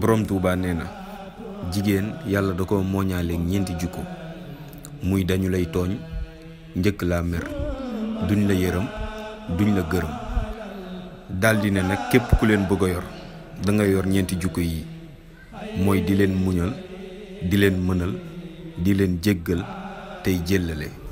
borom tuuba nee na jigéen yàlla da ko mooñaaleeg ñeenti jukko muy dañu lay tooñ njëkk laa mer duñ la yërëm duñ la gërëm daldi ne na képp ku leen bëgg a yor da yor ñeenti jukko yi mooy di leen muñal di leen mënal di leen jéggal tey jéllale